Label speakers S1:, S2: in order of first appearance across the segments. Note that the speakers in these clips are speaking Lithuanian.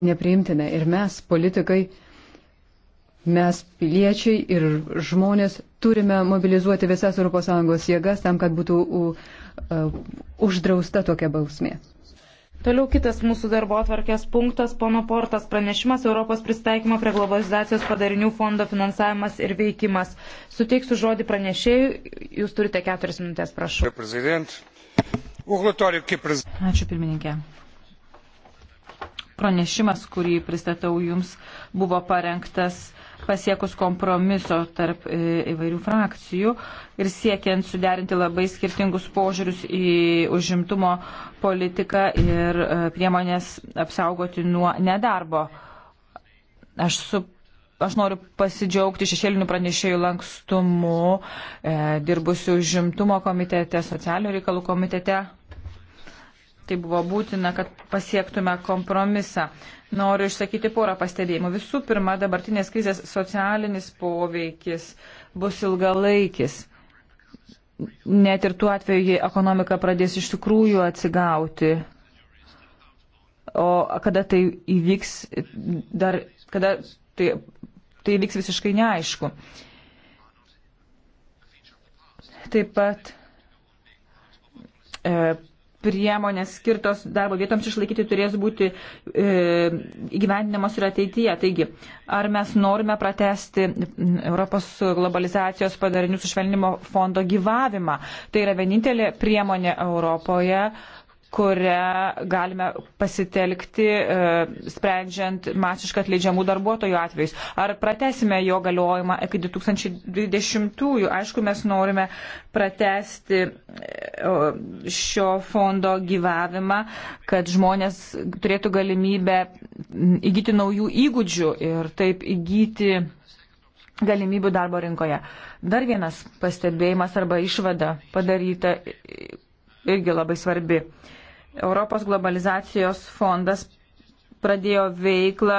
S1: nepriimtina. Ir mes, politikai, mes, piliečiai ir žmonės, turime mobilizuoti visas ES jėgas tam, kad būtų uh, uždrausta tokia bausmė.
S2: Toliau kitas mūsų darbo atvarkės punktas, pono Portas pranešimas Europos pristaikymo prie globalizacijos padarinių fondo finansavimas ir veikimas. Suteiksiu žodį pranešėjui, jūs turite keturias minutės, prašau.
S3: Ačiū pirmininkė pranešimas, kurį pristatau jums, buvo parengtas pasiekus kompromiso tarp e, įvairių frakcijų ir siekiant suderinti labai skirtingus požiūrius į užimtumo politiką ir e, priemonės apsaugoti nuo nedarbo. Aš su aš noriu pasidžiaugti šešėlinių pranešėjų lankstumu, e, dirbusių žimtumo komitete, socialinių reikalų komitete. Tai buvo būtina, kad pasiektume kompromisą. Noriu išsakyti porą pastebėjimų. Visų pirma, dabartinės krizės socialinis poveikis bus ilgalaikis. Net ir tuo atveju, jei ekonomika pradės iš tikrųjų atsigauti. O kada tai įvyks, dar, kada tai, tai įvyks visiškai neaišku. Taip pat e, priemonės skirtos darbo vietoms išlaikyti turės būti e, gyvendinamos ir ateityje. Taigi, ar mes norime pratesti Europos globalizacijos padarinių sušvelnimo fondo gyvavimą? Tai yra vienintelė priemonė Europoje, kurią galime pasitelkti, e, sprendžiant masiškai atleidžiamų darbuotojų atvejus. Ar pratesime jo galiojimą iki 2020-ųjų? Aišku, mes norime pratesti e, šio fondo gyvavimą, kad žmonės turėtų galimybę įgyti naujų įgūdžių ir taip įgyti galimybių darbo rinkoje. Dar vienas pastebėjimas arba išvada padaryta irgi labai svarbi. Europos globalizacijos fondas pradėjo veiklą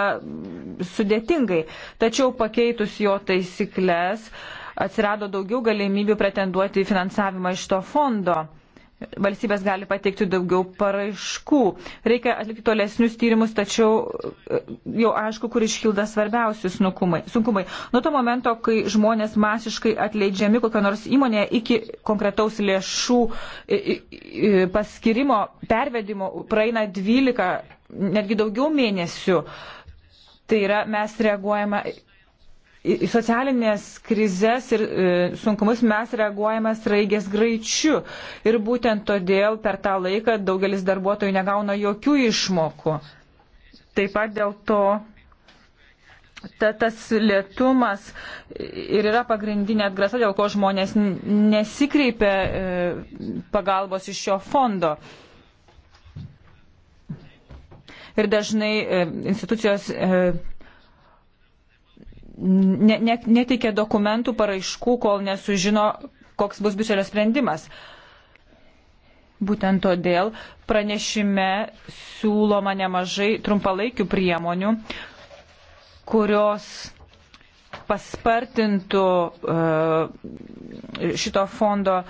S3: sudėtingai, tačiau pakeitus jo taisyklės atsirado daugiau galimybių pretenduoti į finansavimą iš to fondo valstybės gali pateikti daugiau paraiškų. Reikia atlikti tolesnius tyrimus, tačiau e, jau aišku, kur iškilda svarbiausi sunkumai. Nuo to momento, kai žmonės masiškai atleidžiami kokią nors įmonę iki konkretaus lėšų e, e, paskirimo, pervedimo, praeina 12, netgi daugiau mėnesių. Tai yra, mes reaguojame į socialinės krizės ir e, sunkumus mes reaguojame straigės greičiu. Ir būtent todėl per tą laiką daugelis darbuotojų negauna jokių išmokų. Taip pat dėl to ta, tas lėtumas ir yra pagrindinė atgrasa, dėl ko žmonės nesikreipia e, pagalbos iš šio fondo. Ir dažnai e, institucijos ne, ne, neteikia dokumentų paraiškų, kol nesužino, koks bus biudžeto sprendimas. Būtent todėl pranešime siūloma nemažai trumpalaikių priemonių, kurios paspartintų e, šito fondo e,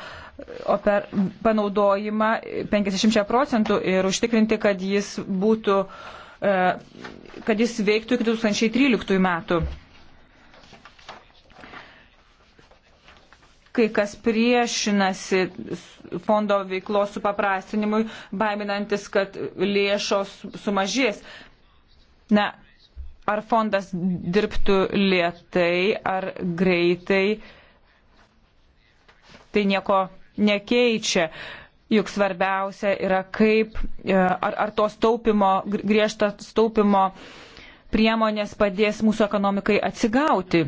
S3: oper, panaudojimą 50 procentų ir užtikrinti, kad jis būtų e, kad jis veiktų iki 2013 metų. kai kas priešinasi fondo veiklos supaprastinimui, baiminantis, kad lėšos sumažės. Na, ar fondas dirbtų lietai ar greitai, tai nieko nekeičia. Juk svarbiausia yra, kaip, e, ar, ar tos taupimo, griežtas taupimo uh, priemonės padės mūsų ekonomikai atsigauti.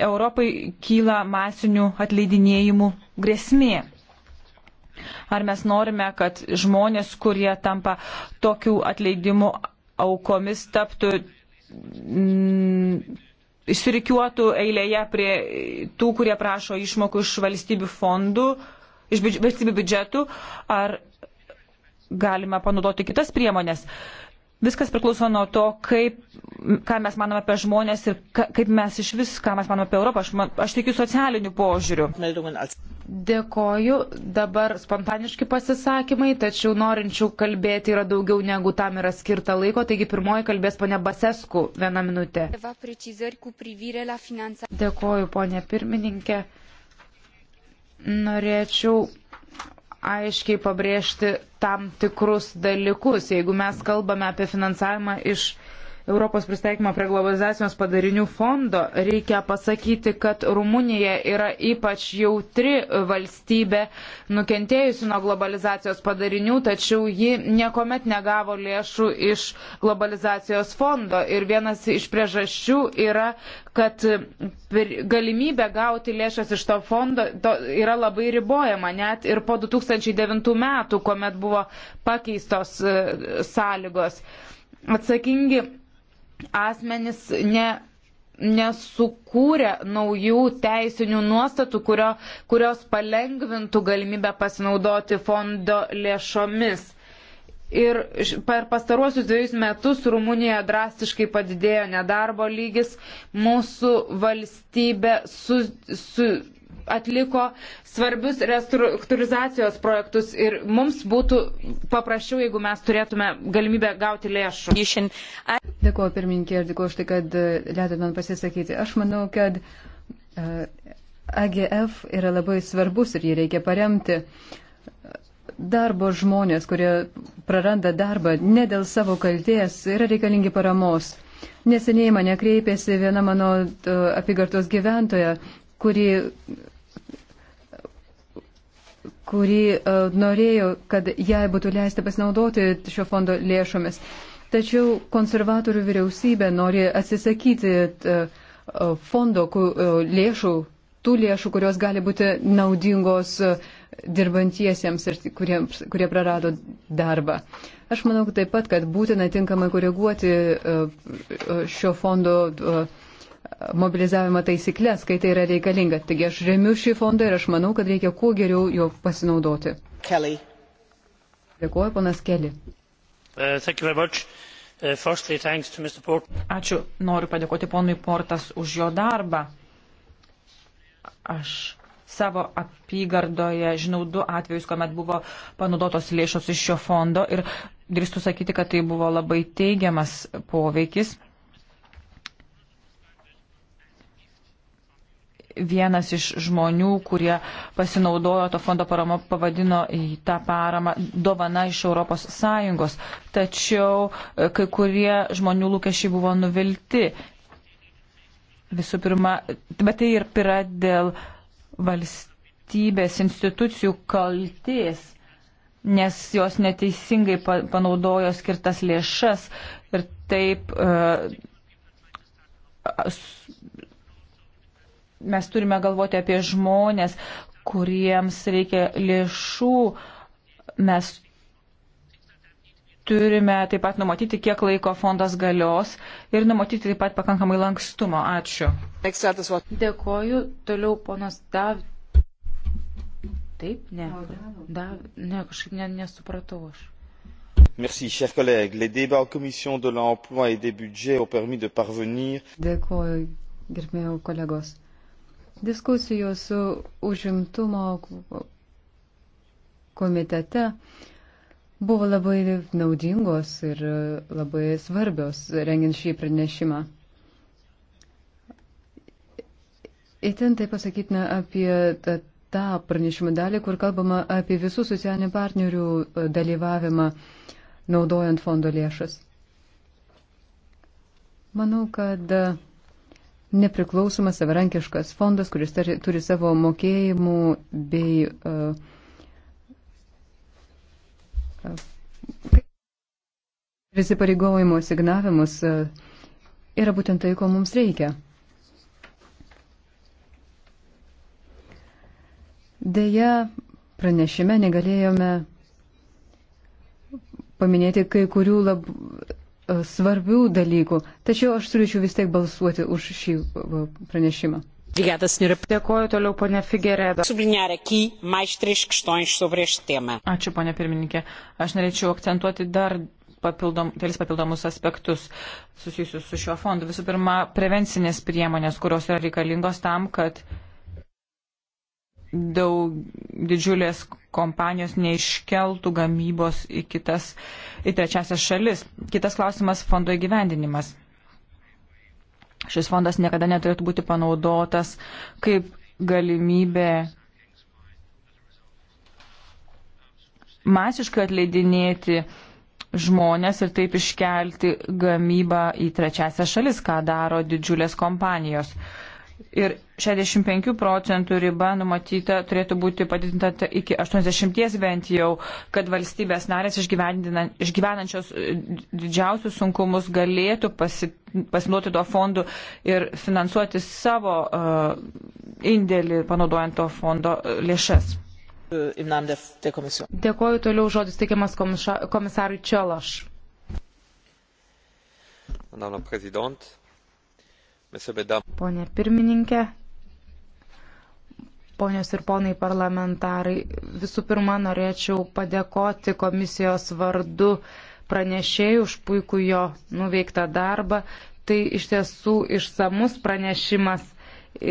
S3: Europai kyla masinių atleidinėjimų grėsmė. Ar mes norime, kad žmonės, kurie tampa tokių atleidimų aukomis, taptų. Mm, Išsirikiuotų eilėje prie tų, kurie prašo išmokų iš valstybių fondų, iš valstybių biudžetų, ar galima panaudoti kitas priemonės. Viskas priklauso nuo to, kaip, ką mes manome apie žmonės ir ka, kaip mes iš vis, ką mes manome apie Europą. Aš, man, aš tikiu socialiniu požiūriu. Dėkoju. Dabar spontaniški pasisakymai,
S2: tačiau norinčių kalbėti yra daugiau negu tam yra skirta laiko. Taigi pirmoji kalbės ponia Basesku vieną minutę. Dėkoju, ponia pirmininkė. Norėčiau aiškiai pabrėžti tam tikrus dalykus. Jeigu mes kalbame apie finansavimą iš Europos pristaikymo prie globalizacijos padarinių fondo, reikia pasakyti, kad Rumunija yra ypač jautri valstybė, nukentėjusi nuo globalizacijos padarinių, tačiau ji niekuomet negavo lėšų iš globalizacijos fondo. Ir vienas iš priežasčių yra, kad galimybė gauti lėšas iš to fondo to yra labai ribojama, net ir po 2009 metų, kuomet buvo pakeistos e, sąlygos. Atsakingi asmenys ne nesukūrė naujų teisinių nuostatų, kurio, kurios palengvintų galimybę pasinaudoti fondo lėšomis. Ir per pastaruosius dviejus metus Rumunijoje drastiškai padidėjo nedarbo lygis. Mūsų valstybė su, su, atliko svarbius restruktūrizacijos projektus ir mums būtų paprasčiau, jeigu mes turėtume galimybę gauti lėšų.
S1: Dėkuoju pirmininkė ir dėkuoju už tai, kad e, leidote man pasisakyti. Aš manau, kad e, AGF yra labai svarbus ir jį reikia paremti. Uh, darbo žmonės, kurie praranda darbą ne dėl savo kalties, yra reikalingi paramos. Neseniai mane kreipėsi viena mano e, apygardos gyventoja, kuri, kuri e, norėjo, kad jai būtų leista pasinaudoti šio fondo lėšomis. Tačiau konservatorių vyriausybė nori atsisakyti e, fondo lėšų, tų lėšų, kurios gali būti naudingos uh, dirbantiesiems ir kuriems, kurie prarado darbą. Aš manau taip pat, kad būtina tinkamai koreguoti e, e, šio fondo e, mobilizavimo taisyklės, kai tai yra reikalinga. Taigi aš remiu šį fondą ir aš manau, kad reikia kuo geriau jo pasinaudoti. Kelly. Dėkuoju, ponas Kelly.
S3: Uh, uh, firstly, Ačiū. Noriu padėkoti ponui Portas už jo darbą. Aš savo apygardoje žinau du atvejus, kuomet buvo panaudotos lėšos iš šio fondo ir drįstu sakyti, kad tai buvo labai teigiamas poveikis. Vienas iš žmonių, kurie pasinaudojo to fondo paramo, pavadino tą paramą dovana iš ES. Tačiau e, kai kurie žmonių lūkesčiai buvo nuvilti. Visų pirma, bet tai ir yra dėl uh, valstybės institucijų kalties, nes jos neteisingai panaudojo skirtas lėšas ir taip e, mes turime galvoti apie žmonės, kuriems reikia lėšų. Mes turime taip pat numatyti, kiek laiko fondas galios ir numatyti taip pat pakankamai lankstumo. Ačiū.
S2: Dėkoju. Toliau ponas Dav. Taip, ne. Dav... Ne, kažkaip ne,
S1: nesupratau aš.
S2: Merci, chers collègues. Les débats en commission de l'emploi et des budgets ont permis de parvenir.
S1: Dėkoju, gerbėjau kolegos. Diskusijos su užimtumo komitete uh, buvo labai naudingos ir e, labai svarbios rengiant šį pranešimą. Įtin tai pasakytina apie tą pranešimą dalį, kur kalbama apie visų socialinių partnerių e, dalyvavimą naudojant fondo lėšas. Manau, kad e, nepriklausomas savarankiškas fondas, kuris turi savo mokėjimų bei uh, Ir įsipareigojimų signavimus e, yra būtent tai, ko mums reikia. Deja, pranešime negalėjome paminėti kai kurių lab, e, svarbių dalykų, tačiau aš turėčiau vis tiek balsuoti už šį e, pranešimą.
S2: Dėkuoju
S3: toliau, ponė Figerėda.
S1: Ačiū, ponė pirmininkė.
S3: Aš norėčiau akcentuoti dar papildom, kelis papildomus aspektus susijusius su šiuo fondu. Visų pirma, prevencinės priemonės, kurios yra reikalingos tam, kad daug didžiulės kompanijos neiškeltų gamybos į kitas, į trečiasias šalis. Kitas klausimas - fondo įgyvendinimas. Šis fondas niekada neturėtų būti panaudotas kaip galimybė masiškai atleidinėti uh, žmonės ir taip iškelti gamybą į trečiasią šalis, ką daro didžiulės kompanijos. Ir 65 procentų riba numatyta turėtų būti padidinta iki 80 bent jau, kad valstybės narės išgyvenančios e, didžiausius sunkumus galėtų pasi, pasinuoti to fondu ir finansuoti savo uh, indėlį panaudojant to fondo e, lėšas. Dėkoju toliau žodis
S2: teikiamas komisarui Čiološ. Pone pirmininkė, ponios ir ponai parlamentarai, visų pirma norėčiau padėkoti komisijos vardu pranešėjų už puikų jo nuveiktą darbą. Tai iš tiesų išsamus pranešimas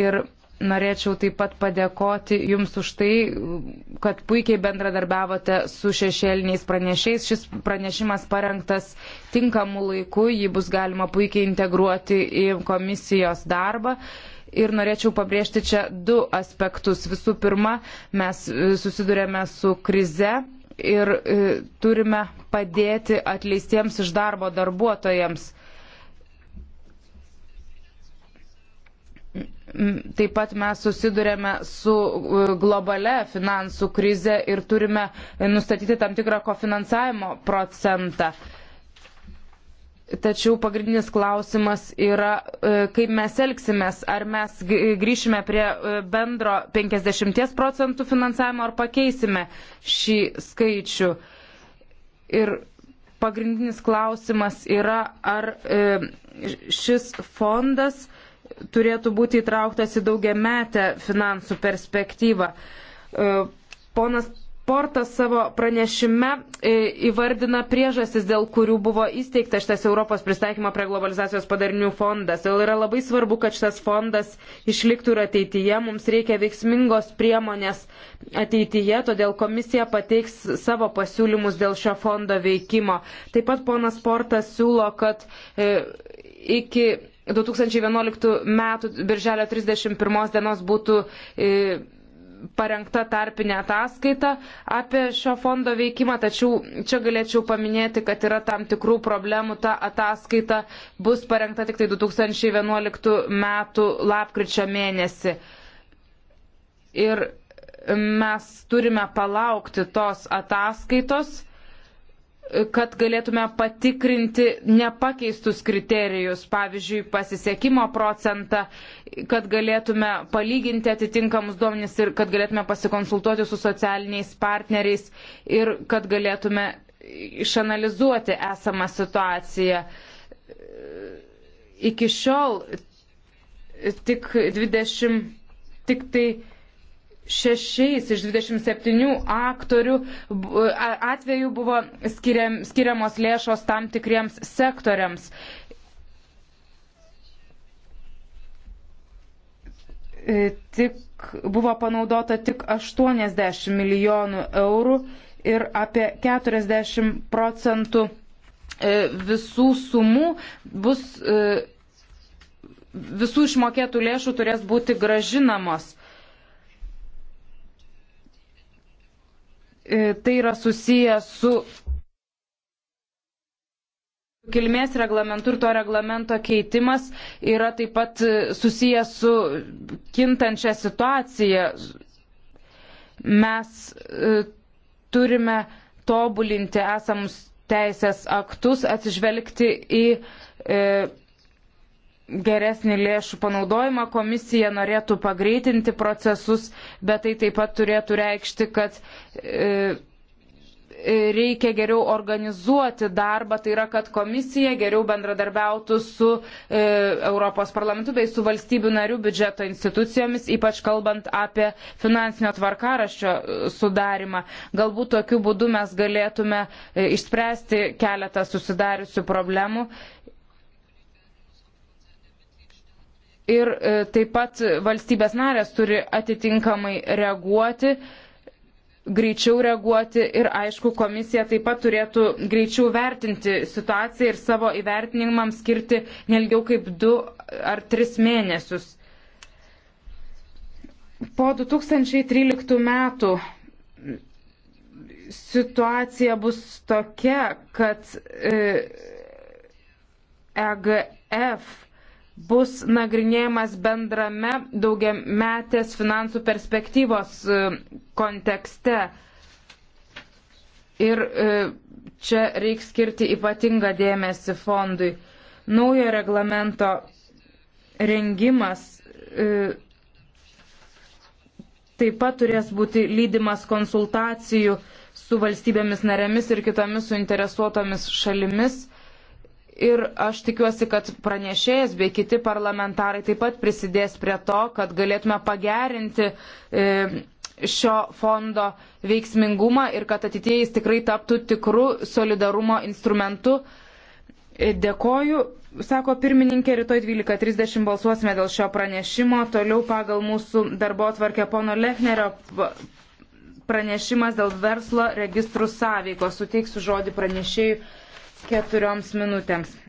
S2: ir norėčiau taip pat padėkoti Jums už tai, kad puikiai bendradarbiavote su šešėliniais pranešiais. Šis pranešimas parengtas tinkamu laiku, jį bus galima puikiai integruoti į komisijos darbą. Ir norėčiau pabrėžti čia du aspektus. Visų pirma, mes e, susidurėme su krize ir e, turime padėti atleistiems iš darbo darbuotojams Taip pat mes susidurėme su e, globale finansų krize ir turime e, nustatyti tam tikrą kofinansavimo procentą. Tačiau pagrindinis klausimas yra, e, kaip mes elgsimės, ar mes grįšime prie bendro 50 procentų finansavimo, ar pakeisime šį skaičių. Ir pagrindinis klausimas yra, ar šis fondas turėtų būti įtrauktas į daugiametę finansų perspektyvą. E, ponas Portas savo pranešime e, įvardina priežastis, dėl kurių buvo įsteigtas šitas Europos pristaikymo prie globalizacijos padarinių fondas. Jau yra labai svarbu, kad šitas fondas išliktų ir ateityje. Mums reikia veiksmingos priemonės ateityje, todėl komisija pateiks savo pasiūlymus dėl šio fondo veikimo. Taip pat ponas Portas siūlo, kad e, iki 2011 metų birželio 31 dienos būtų e, parengta tarpinė ataskaita apie šio fondo veikimą, tačiau čia galėčiau paminėti, kad yra tam tikrų problemų. Ta ataskaita bus parengta tik tai 2011 metų lapkričio mėnesį. Ir mes turime palaukti tos ataskaitos kad galėtume patikrinti nepakeistus kriterijus, pavyzdžiui, pasisekimo procentą, kad galėtume palyginti atitinkamus duomenys ir kad galėtume pasikonsultuoti su socialiniais partneriais ir kad galėtume išanalizuoti esamą situaciją. Iki šiol tik 20, tik tai šešiais iš 27 aktorių atveju buvo skiriam, skiriamos lėšos tam tikriems sektoriams. E, tik buvo panaudota tik 80 milijonų eurų ir apie 40 procentų e, visų sumų bus e, visų išmokėtų lėšų turės būti gražinamos. E, tai yra susiję su kilmės reglamentu ir to reglamento keitimas yra taip pat e, susiję su kintančia situacija. Mes e, turime tobulinti esamus teisės aktus, atsižvelgti į e, geresnį lėšų panaudojimą, komisija norėtų pagreitinti procesus, bet tai taip pat turėtų reikšti, kad e, e, reikia geriau organizuoti darbą, tai yra, kad komisija geriau bendradarbiautų su e, Europos parlamentu bei su valstybių narių biudžeto institucijomis, ypač kalbant apie finansinio tvarkaraščio e, sudarimą. Galbūt tokiu būdu mes galėtume e, išspręsti keletą susidariusių problemų ir e, taip pat valstybės narės turi atitinkamai reaguoti, greičiau reaguoti ir aišku, komisija taip pat turėtų greičiau vertinti situaciją ir savo įvertinimams skirti nelgiau kaip 2 ar 3 mėnesius. Po 2013 metų situacija bus tokia, kad EGF e bus nagrinėjamas bendrame daugiametės finansų perspektyvos e, kontekste. Ir e, čia reikia skirti ypatingą dėmesį fondui. Naujo reglamento rengimas e, taip pat turės būti lydimas konsultacijų su valstybėmis narėmis ir kitomis suinteresuotomis šalimis Ir aš tikiuosi, kad pranešėjas bei kiti parlamentarai taip pat prisidės prie to, kad galėtume pagerinti e, šio fondo veiksmingumą ir kad atitėjais tikrai taptų tikrų solidarumo instrumentu. E, dėkoju, sako pirmininkė, rytoj 12.30 balsuosime dėl šio pranešimo. Toliau pagal mūsų darbo atvarkę pono Lechnerio pranešimas dėl verslo registrų sąveikos. Suteiksiu žodį pranešėjui keturioms minutėms.